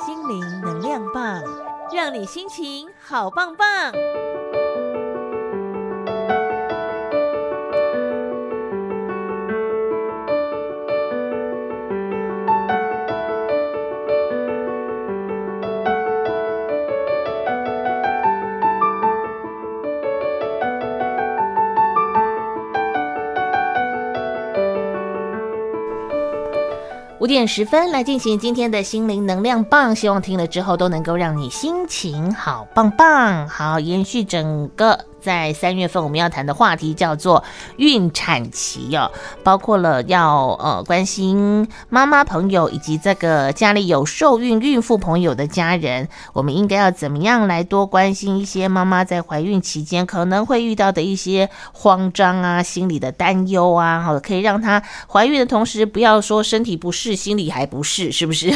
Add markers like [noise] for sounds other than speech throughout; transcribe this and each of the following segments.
心靈能量棒，讓你心情好棒棒。五點十分來進行今天的心靈能量棒，希望聽了之後都能夠讓你心情好棒棒。好，延續整個。在三月份，我們要談的話題叫做孕產期哦，包括了要呃關心媽媽朋友以及這個家裡有受孕孕婦朋友的家人，我們應該要怎麼樣來多關心一些媽媽在懷孕期間可能會遇到的一些慌張啊、心理的擔憂啊，好，可以讓她懷孕的同時，不要說身體不適，心理還不適，是不是，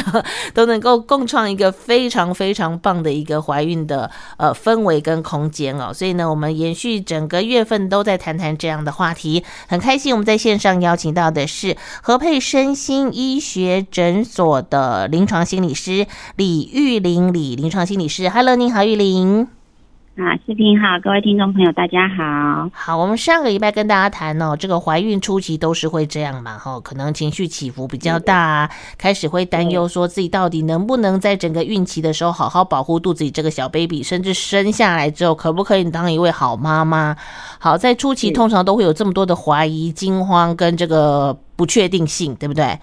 都能夠共創一個非常非常棒的一個懷孕的呃氛圍跟空間哦，所以呢，我們。延續整個月份都在談談這樣的話題，很開心我們在線上邀請到的是和沛身心醫學診所的臨床心理師李郁琳，李臨床心理師，Hello，你好，郁琳。啊，士玶好，各位聽眾朋友，大家好。好，我們上個禮拜跟大家談哦，這個懷孕初期都是會這樣嘛，吼、哦，可能情緒起伏比較大、啊，開始會擔憂說自己到底能不能在整個孕期的時候好好保護肚子裡這個小 baby，甚至生下來之後可不可以當一位好媽媽。好，在初期通常都會有這麼多的懷疑、驚慌跟這個不確定性，對不對？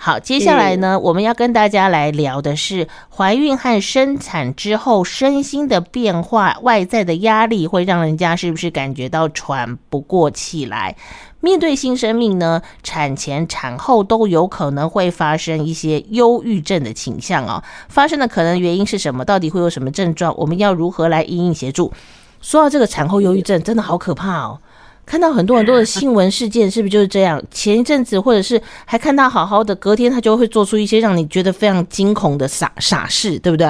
好，接下來呢，我們要跟大家來聊的是懷孕和生產之後身心的變化，外在的壓力會讓人家是不是感覺到喘不過氣來？面對新生命呢，產前、產後都有可能會發生一些憂鬱症的傾向哦。發生的可能原因是什麼？到底會有什麼症狀？我們要如何來因應協助？說到這個產後憂鬱症，真的好可怕哦。看到很多很多的新聞事件，是不是就是這樣？前一陣子，或者是還看他好好的，隔天他就會做出一些讓你覺得非常驚恐的傻傻事，對不對？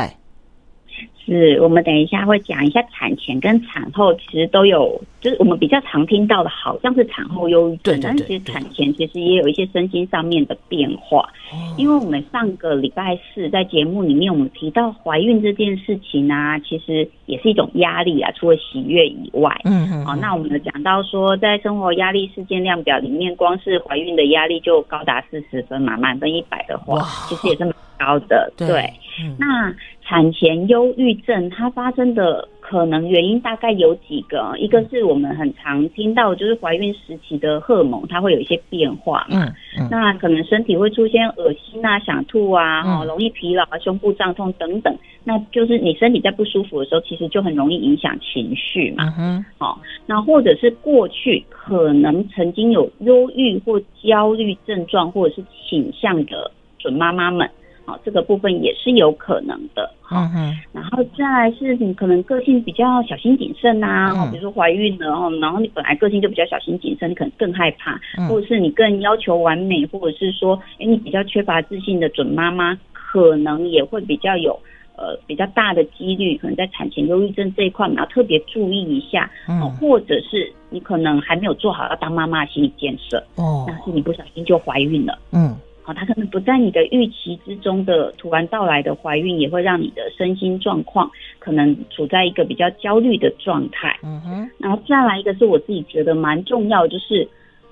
是我們等一下會講一下產前跟產後，其實都有，就是我們比較常聽到的，好像是產後憂鬱，對、對、對、對。但是其實產前其實也有一些身心上面的變化。哦、因為我們上個禮拜四在節目裡面，我們提到懷孕這件事情啊，其實也是一種壓力啊，除了喜悅以外，嗯哼嗯。哦，那我們有講到說，在生活壓力事件量表裡面，光是懷孕的壓力就高達四十分嘛，滿分一百的話，其實也是蠻高的。哦、對、對。嗯、那。產前憂鬱症，它發生的可能原因大概有幾個，一個是我們很常聽到，就是懷孕時期的荷爾蒙它會有一些變化嘛，嗯，那可能身體會出現惡心啊、想吐啊、好，容易疲勞啊、胸部脹痛等等，那就是你身體在不舒服的時候，其實就很容易影響情緒嘛，好，那或者是過去可能曾經有憂鬱或焦慮症狀或者是傾向的準媽媽們。哦，這個部分也是有可能的。好嗯哼。然後再來是你可能個性比較小心謹慎啊，嗯、比如說懷孕了哦，然後你本來個性就比較小心謹慎，你可能更害怕，或者是你更要求完美，或者是說，誒你比較缺乏自信的準媽媽，可能也會比較有呃比較大的幾率，可能在產前憂鬱症這一塊，你要特別注意一下。嗯。或者是你可能還沒有做好要當媽媽的心理建設。哦。但是你不小心就懷孕了。嗯。他可能不在你的預期之中的突然到來的懷孕，也會讓你的身心狀況可能處在一個比較焦慮的狀態。嗯哼。然後再來一個是我自己覺得蠻重要，就是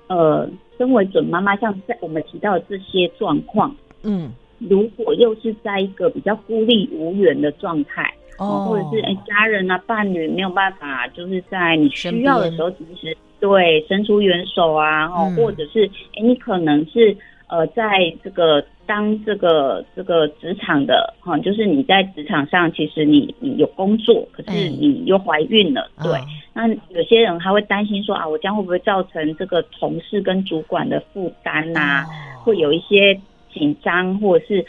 呃，身為準媽媽，像在我們提到的這些狀況，嗯，如果又是在一個比較孤立無援的狀態，哦，或者是哎，家人啊、伴侶沒有辦法，就是在你需要的時候，身邊，其實對伸出援手啊，哦嗯，或者是哎，你可能是。呃，在這個當這個這個職場的哈，就是你在職場上，其實你你有工作，可是你又懷孕了，嗯、對。嗯、那有些人還會擔心說啊，我將會不會造成這個同事跟主管的負擔吶、啊？嗯、會有一些緊張，或者是。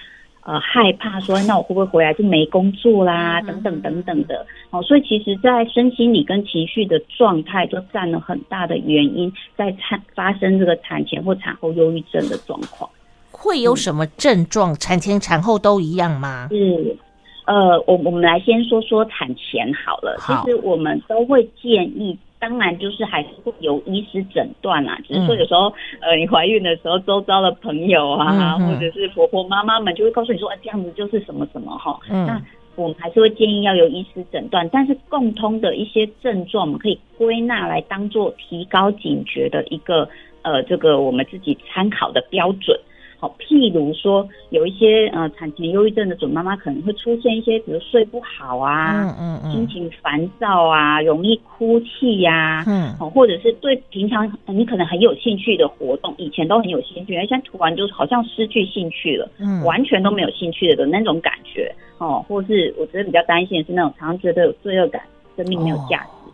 呃，害怕說，那我會不會回來就沒工作啦？嗯、等等等等的。哦，所以其實，在身心理跟情緒的狀態，就占了很大的原因，在產發生這個產前或產後憂鬱症的狀況，會有什麼症狀？嗯、產前產後都一樣嗎？是、嗯，呃，我我們來先說說產前好了。其實好我們都會建議。當然，就是還是會有醫師診斷啦、啊。只是說有時候，嗯、呃，你懷孕的時候，周遭的朋友啊，嗯、哼或者是婆婆媽媽們，就會告訴你說，啊、哎，這樣子就是什麼什麼哈、哦。嗯、那我們還是會建議要有醫師診斷，但是共通的一些症狀，我們可以歸納來當做提高警覺的一個呃，這個我們自己參考的標準。好，譬如說，有一些呃，產前憂鬱症的準媽媽可能會出現一些，比如說睡不好啊，嗯嗯，嗯，心情煩躁啊，容易哭泣呀、啊，嗯，或者是對平常你可能很有興趣的活動，以前都很有興趣，現在突然就好像失去興趣了，嗯，完全都沒有興趣的那種感覺，哦，或是我覺得比較擔心的是那種常常覺得有罪惡感，生命沒有價值，哦，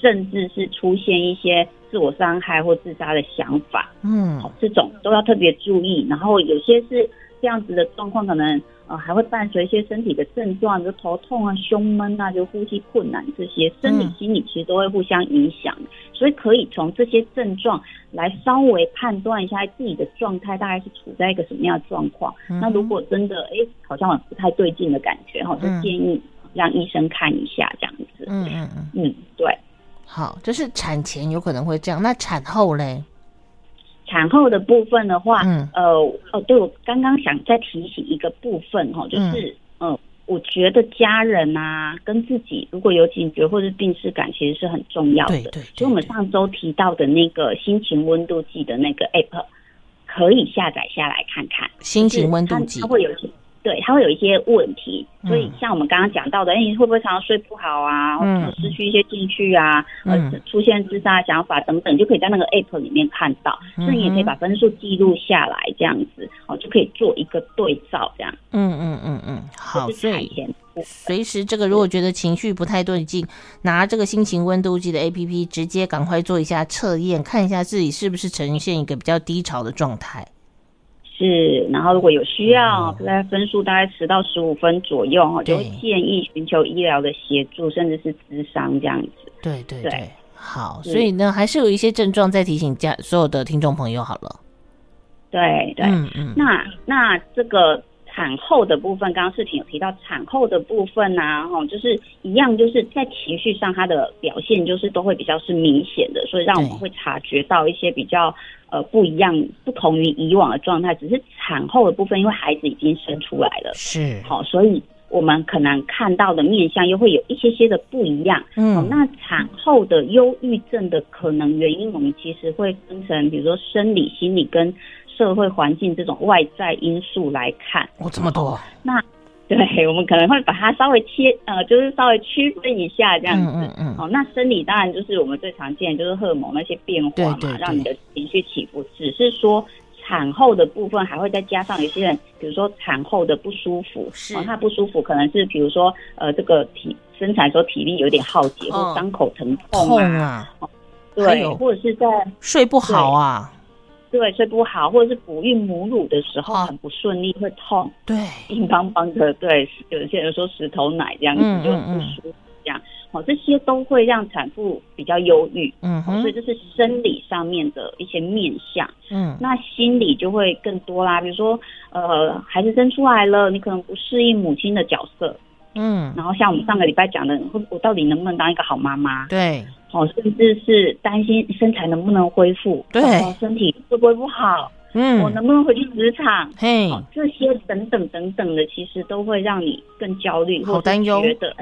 甚至是出現一些。自我傷害或自殺的想法，嗯，這種都要特別注意。然後有些是這樣子的狀況，可能呃還會伴隨一些身體的症狀，就頭痛啊、胸悶啊、就呼吸困難這些，生理心理其實都會互相影響。嗯、所以可以從這些症狀來稍微判斷一下自己的狀態，大概是處在一個什麼樣的狀況。嗯、那如果真的哎、欸、好像不太對勁的感覺，哈，就建議讓醫生看一下這樣子。嗯嗯嗯對。好，就是產前有可能會這樣，那產後嘞？產後的部分的話，嗯，呃，哦，對，我剛剛想再提醒一個部分，哦、就是，嗯呃，我覺得家人啊跟自己如果有警覺或者病識感，其實是很重要的。對，對，對對，所以我們上周提到的那個心情溫度計的那個 App，可以下載下來看看心情溫度計，它，它會有。對，它會有一些問題，所以像我們剛剛講到的，哎，你會不會常常睡不好啊？或者失去一些興趣啊，嗯、呃，出現自殺想法等等，就可以在那個 app 裡面看到。那所以你也可以把分數記錄下來，這樣子哦，就可以做一個對照，這樣。嗯嗯嗯嗯，好，隨時隨時，這個如果覺得情緒不太對勁，拿這個心情溫度計的 app 直接趕快做一下測驗，看一下自己是不是呈現一個比較低潮的狀態。是，然後如果有需要，嗯、大概分數大概十到十五分左右哈，對就會建議尋求醫療的協助，甚至是諮商這樣子。對對對，對好，是所以呢，還是有一些症狀在提醒家所有的聽眾朋友好了。對對，嗯嗯，那那這個。產後的部分，剛剛視頻有提到產後的部分啊，哦、就是一樣，就是在情緒上，它的表現就是都會比較是明顯的，所以讓我們會察覺到一些比較呃不一樣，不同於以往的狀態。只是產後的部分，因為孩子已經生出來了，是好，哦，所以我們可能看到的面向又會有一些些的不一樣。嗯、哦，那產後的憂鬱症的可能原因，我們其實會分成，比如說生理、心理跟。社會環境這種外在因素來看，哇、哦，這麼多啊！那，對，我們可能會把它稍微切，呃，就是稍微區分一下這樣子。嗯嗯嗯、哦。那生理當然就是我們最常見的，就是荷爾蒙那些變化嘛，讓你的情緒起伏。只是說產後的部分還會再加上有些人，比如說產後的不舒服，是啊，哦、它不舒服可能是比如說呃，這個體生產的時候體力有點耗竭，或傷口疼痛啊，哦痛啊哦、對，有或者是在睡不好啊。對，睡不好，或者是哺育母乳的時候很不順利，oh. 會痛，對，硬邦邦的，對，有些人說石頭奶這樣子、嗯、就不舒服，這樣，哦，這些都會讓產婦比較憂鬱，嗯哼、哦，所以這是生理上面的一些面向，嗯，那心理就會更多啦，比如說，呃，孩子生出來了，你可能不適應母親的角色。嗯，然後像我們上個禮拜講的，我到底能不能當一個好媽媽？對，哦，甚至是擔心身材能不能恢復？對，身體會不會不好？嗯，我能不能回去職場？嘿，這些等等等等的，其實都會讓你更焦慮，或好擔憂，覺得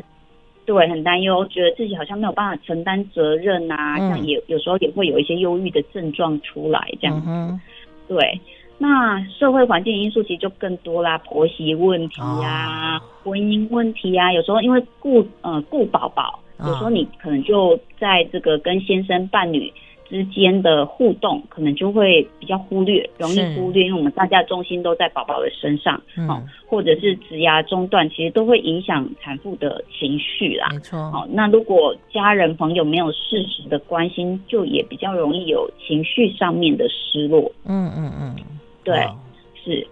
對，很擔憂，覺得自己好像沒有辦法承擔責任啊，嗯、像也有時候也會有一些憂鬱的症狀出來，這樣子，嗯哼，對。那社會環境因素其實就更多啦，婆媳問題啊，哦、婚姻問題啊，有時候因為顧呃顧寶寶，有時候你可能就在這個跟先生伴侶之間的互動，哦、可能就會比較忽略，容易忽略，因為我們大家的重心都在寶寶的身上，是哦、嗯，或者是職業中斷，其實都會影響產婦的情緒啦，沒錯、哦，那如果家人朋友沒有適時的關心，就也比較容易有情緒上面的失落，嗯嗯嗯。嗯嗯對，哦、是，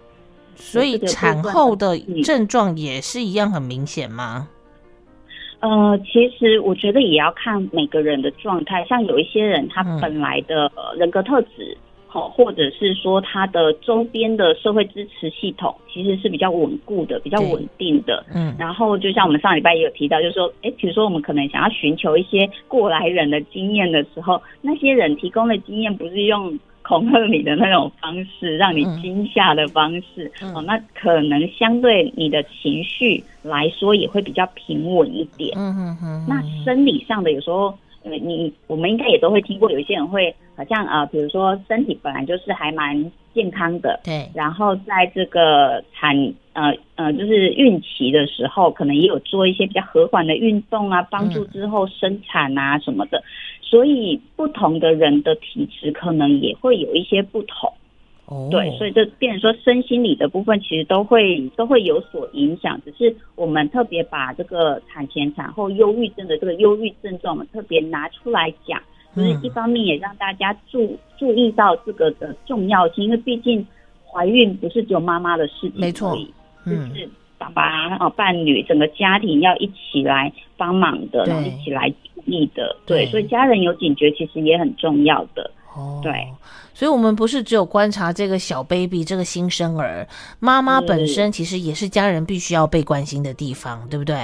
所以產後的症狀也是一樣很明顯嗎？呃，其實我覺得也要看每個人的狀態，像有一些人他本來的人格特質，好、嗯，或者是說他的周邊的社會支持系統其實是比較穩固的、比較穩定的。嗯，然後就像我們上禮拜也有提到，就是說，哎，比如說我們可能想要尋求一些過來人的經驗的時候，那些人提供的經驗不是用恐嚇你的那種方式，讓你驚嚇的方式，嗯嗯、哦，那可能相對你的情緒來說也會比較平穩一點。嗯嗯嗯。嗯嗯嗯嗯，那生理上的，有時候呃，你我們應該也都會聽過，有些人會好像呃，比如說身體本來就是還蠻健康的，對，然後在這個產呃呃就是孕期的時候，可能也有做一些比較和緩的運動啊，幫助之後生產啊、嗯、什麼的。所以不同的人的體質可能也會有一些不同，哦、對，所以就變成說身心理的部分其實都會都會有所影響，只是我們特別把這個產前產後憂鬱症的這個憂鬱症狀，我們特別拿出來講，嗯、就是一方面也讓大家注注意到這個的重要性，因為畢竟懷孕不是只有媽媽的事情，沒錯，就是。爸爸啊，然後伴侶，整個家庭要一起來幫忙的，對然後一起來努力的，對，對，所以家人有警覺其實也很重要的。哦，對，所以我們不是只有觀察這個小 baby，這個新生兒，媽媽本身其實也是家人必須要被關心的地方，嗯、對不對？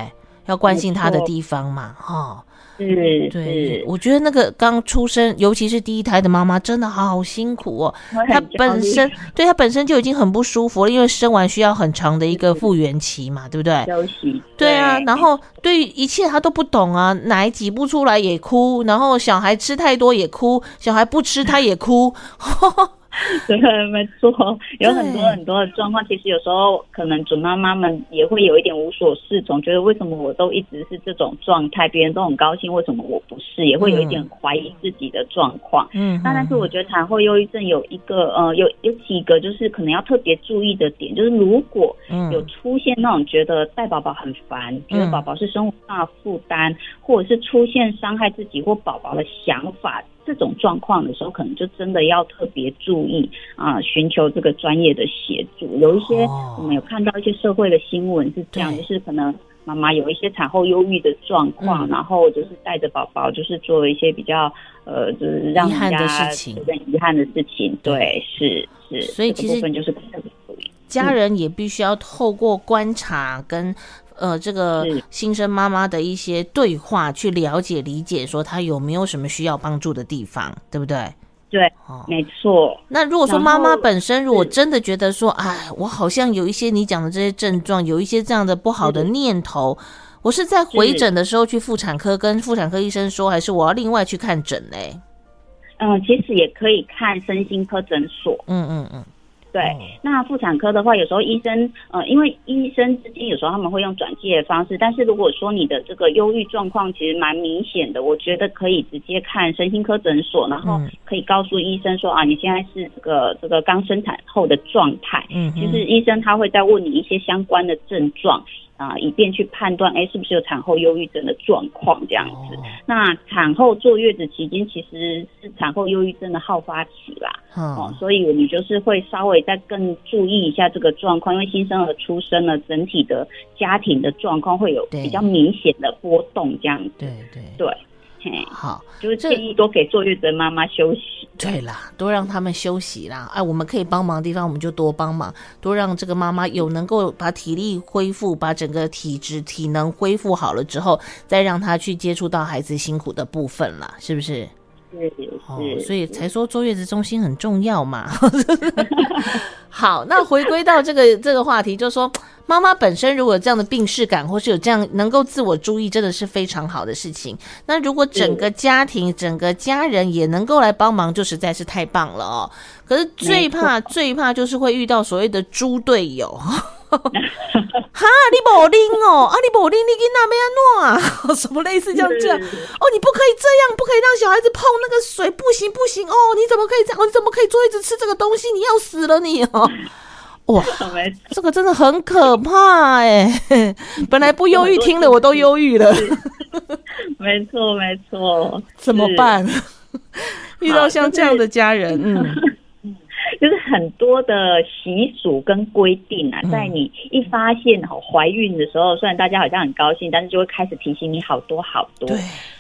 要關心他的地方嘛，哈，對對是，我覺得那個剛出生，尤其是第一胎的媽媽，真的好辛苦哦。她本身，對，她本身就已經很不舒服了，因為生完需要很長的一個復原期嘛，對，對，對，對不對？休息。對，對啊，然後對於一切她都不懂啊，奶擠不出來也哭，然後小孩吃太多也哭，小孩不吃他也哭。 [laughs] [laughs] 對，沒錯，有很多很多的狀況。對其實有時候可能準媽媽們也會有一點無所適從，覺得為什麼我都一直是這種狀態，別人都很高興，為什麼我不是？也會有一點懷疑自己的狀況。對但嗯，那但是我覺得產後憂鬱症有一個呃有有幾個就是可能要特別注意的點，就是如果有出現那種覺得帶寶寶很煩，嗯、覺得寶寶是生活上的負擔，或者是出現傷害自己或寶寶的想法。這種狀況的時候，可能就真的要特別注意啊，尋求這個專業的協助。有一些、哦、我們有看到一些社會的新聞是這樣，對就是可能媽媽有一些產後憂鬱的狀況，嗯啊、然後就是帶着寶寶，就是做一些比較呃，就是讓人家有點遺憾的事情。對，是是，是，所以這個部分就是特別注意，家人也必須要透過觀察跟，嗯，呃這個新生媽媽的一些對話，去了解是理解說她有沒有什麼需要幫助的地方，對不對？對，沒錯、哦。那如果說媽媽本身然後如果真的覺得說，哎是，我好像有一些你講的這些症狀，有一些這樣的不好的念頭，嗯，我是在回診的時候去婦產科是跟婦產科醫生說，還是我要另外去看診呢？嗯，其實也可以看身心科診所。嗯嗯嗯。嗯對，那婦產科的話，有時候醫生，呃，因為醫生之間有時候他們會用轉介的方式，但是如果說你的這個憂鬱狀況其實蠻明顯的，我覺得可以直接看身心科診所，然後可以告訴醫生說啊，你現在是這個這個剛生產後的狀態，嗯，就是醫生他會再問你一些相關的症狀。啊，以便去判斷，哎，是不是有產後憂鬱症的狀況這樣子？Oh. 那產後坐月子期間，其實是產後憂鬱症的好發期啦。Huh. 哦，所以你就是會稍微再更注意一下這個狀況，因為新生兒出生了，整體的家庭的狀況會有比較明顯的波動對這樣子。對對對。對對嗯、好，就是建議多給坐月子媽媽休息。對啦，多讓他們休息啦。哎、啊，我們可以幫忙的地方，我們就多幫忙，多讓這個媽媽有能夠把體力恢復，把整個體質體能恢復好了之後，再讓她去接觸到孩子辛苦的部分啦，是不是？對、哦，所以才說坐月子中心很重要嘛。 [laughs] 好，那回歸到這個 [laughs] 這個話題，就說。媽媽本身如果有這樣的病識感，或是有這樣能夠自我注意，真的是非常好的事情。那如果整個家庭、對整個家人也能夠來幫忙，就實在是太棒了哦。可是最怕、錯最怕就是會遇到所謂的豬隊友，哈 [laughs] [laughs] 你伯拎哦，啊你伯丁、麗金娜、梅安諾啊，什麼類似就是這樣 [laughs] 哦，你不可以這樣，不可以讓小孩子碰那個水，不行不行哦，你怎麼可以這樣？你怎麼可以坐一直吃這個東西？你要死了你哦！ [laughs] 哇，這個真的很可怕哎！本來不憂鬱，聽的我都憂鬱了。沒錯， [laughs] 沒錯，沒錯。怎麼辦？好遇到像這樣的家人，就是，嗯，就是很多的習俗跟規定啊，在你一發現哦懷孕的時候，雖然大家好像很高興，但是就會開始提醒你好多好多。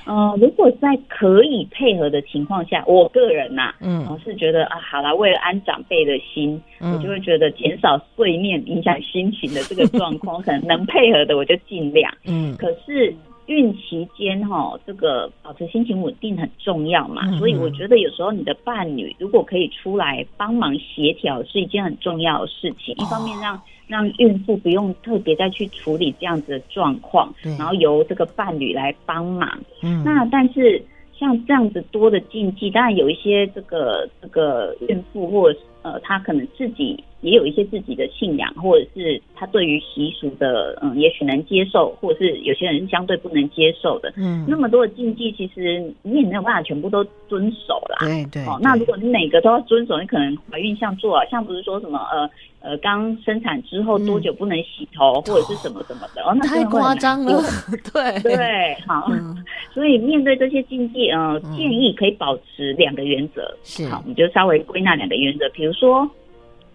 呃，如果在可以配合的情況下，我個人吶、啊，嗯，我、呃、是覺得啊，好啦，為了安長輩的心，嗯、我就會覺得減少碎念影響心情的這個狀況， [laughs] 可能能配合的我就盡量，嗯，可是。嗯孕期間哈、哦，這個保持心情穩定很重要嘛，所以我覺得有時候你的伴侶如果可以出來幫忙協調，是一件很重要的事情。一方面讓讓孕婦不用特別再去處理這樣子的狀況，然後由這個伴侶來幫忙。那但是像這樣子多的禁忌，當然有一些這個這個孕婦或者呃，她可能自己。也有一些自己的信仰，或者是他對於習俗的嗯，也許能接受，或者是有些人相對不能接受的。嗯，那麼多的禁忌，其實你也沒有辦法全部都遵守啦。對對。對對哦，那如果你每個都要遵守，你可能懷孕像做，啊，像不是說什麼呃呃，剛、呃、生產之後多久不能洗頭、嗯、或者是什麼什麼的，哦，哦，那太誇張了。對對，好。嗯、所以面對這些禁忌，嗯、呃，建議可以保持兩個原則。是，好，我們就稍微歸納兩個原則，比如說。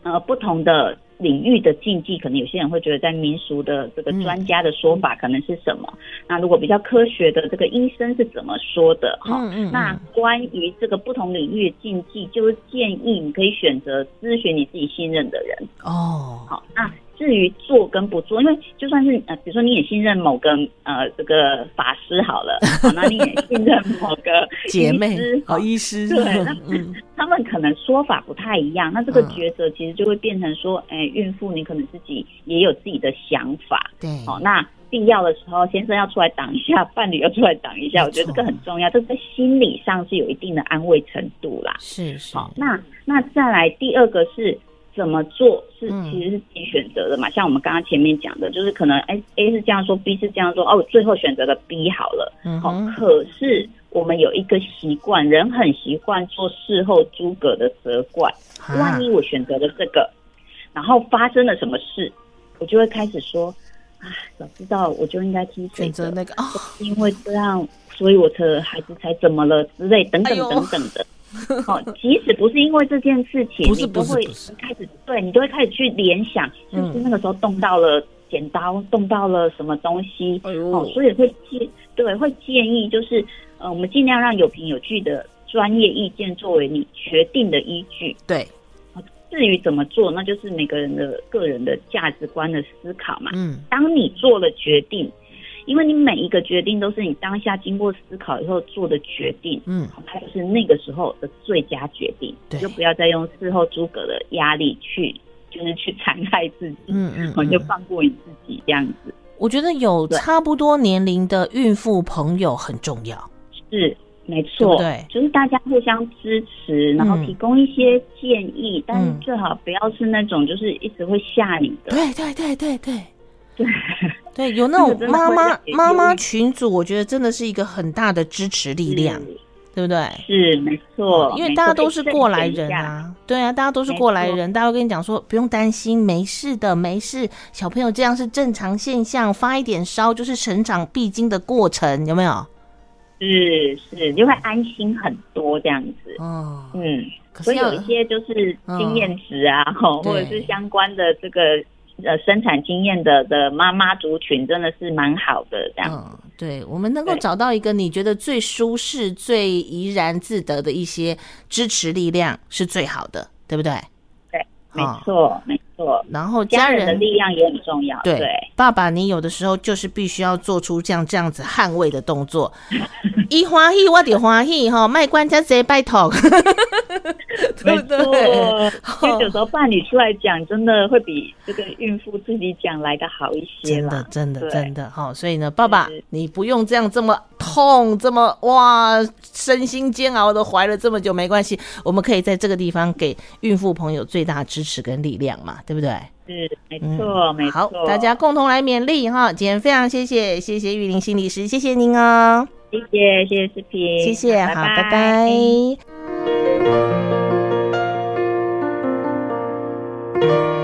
呃，不同的領域的禁忌，可能有些人會覺得，在民俗的這個專家的說法可能是什麼？嗯、那如果比較科學的這個醫生是怎麼說的？哈、哦，嗯嗯、那關於這個不同領域的禁忌，就是建議你可以選擇諮詢你自己信任的人。哦，好、哦，那。至於做跟不做，因為就算是呃，比如說你也信任某個呃，這個法師好了 [laughs] 好，那你也信任某個姐妹好醫師，對，那、嗯、他們可能說法不太一樣，那這個抉擇其實就會變成說，哎、嗯欸，孕婦你可能自己也有自己的想法，對，好、哦，那必要的時候先生要出來擋一下，伴侶要出來擋一下，沒錯，我覺得這個很重要，這個在心理上是有一定的安慰程度啦，是是，好，那那再來第二個是，怎麼做是其實是自己選擇的嘛，像我們剛剛前面講的，就是可能哎 A, A 是這樣說，B 是這樣說，哦，我最後選擇了 B 好了，嗯。好。可是我們有一個習慣，人很習慣做事後諸葛的責怪。萬一我選擇了這個，然後發生了什麼事，我就會開始說，啊，早知道我就應該提選擇那個，啊，因為這樣，所以我的孩子才怎麼了之類等等等等的。哎 [laughs] 哦，即使不是因為這件事情，你都會開始，對，你都會開始去聯想，是不是那個時候動到了剪刀，動到了什麼東西？嗯、哦，所以會建，對，會建議就是，呃，我們盡量讓有憑有據的專業意見作為你決定的依據。對，至於怎麼做，那就是每個人的個人的價值觀的思考嘛。嗯，當你做了決定。因為你每一個決定都是你當下經過思考以後做的決定，嗯，它就是那個時候的最佳決定，對就不要再用事後諸葛的壓力去，就是去殘害自己，嗯嗯，嗯嗯，就放過你自己這樣子。我覺得有差不多年齡的孕婦朋友很重要，對是沒錯，對，對，就是大家互相支持，然後提供一些建議，嗯、但最好不要是那種就是一直會嚇你的，對對對對對。對對對對對，有那種媽媽 [laughs] 媽媽群組，我覺得真的是一個很大的支持力量，是對不對？是，沒錯，沒錯，因為大家都是過來人啊。試試，對啊，大家都是過來人，錯大家跟你講說，不用擔心，沒事的，沒事，小朋友這樣是正常現象，發一點燒就是成長必經的過程，有沒有？是是，就會安心很多這樣子。哦，嗯，嗯，所以有一些就是經驗值啊，嗯、或者是相關的這個。呃，生產經驗的的媽媽族群真的是蠻好的，這樣。嗯，對，我們能夠找到一個你覺得最舒適、對 最怡然自得的一些支持力量是最好的，對不對？對，沒錯，哦，沒錯。然後家人，家人的力量也很重要。對，對爸爸，你有的時候就是必須要做出這樣這樣子捍衛的動作，一歡喜我就歡喜哈，賣關子誰拜託？對 [laughs] 對錯，對就 [laughs] 有時候伴侶出來講，真的會比這個孕婦自己講來的好一些，真的真的對真的哈。對所以呢，爸爸，你不用這樣這麼。痛這麼哇，身心煎熬都懷了這麼久，沒關係，我們可以在這個地方給孕婦朋友最大支持跟力量嘛，對不對？是，沒錯，嗯、沒錯。好，大家共同來勉勵哈。今天非常謝謝，謝謝鬱琳心理師，謝謝您哦，謝謝，謝謝士玶，謝謝，好，好拜拜。拜拜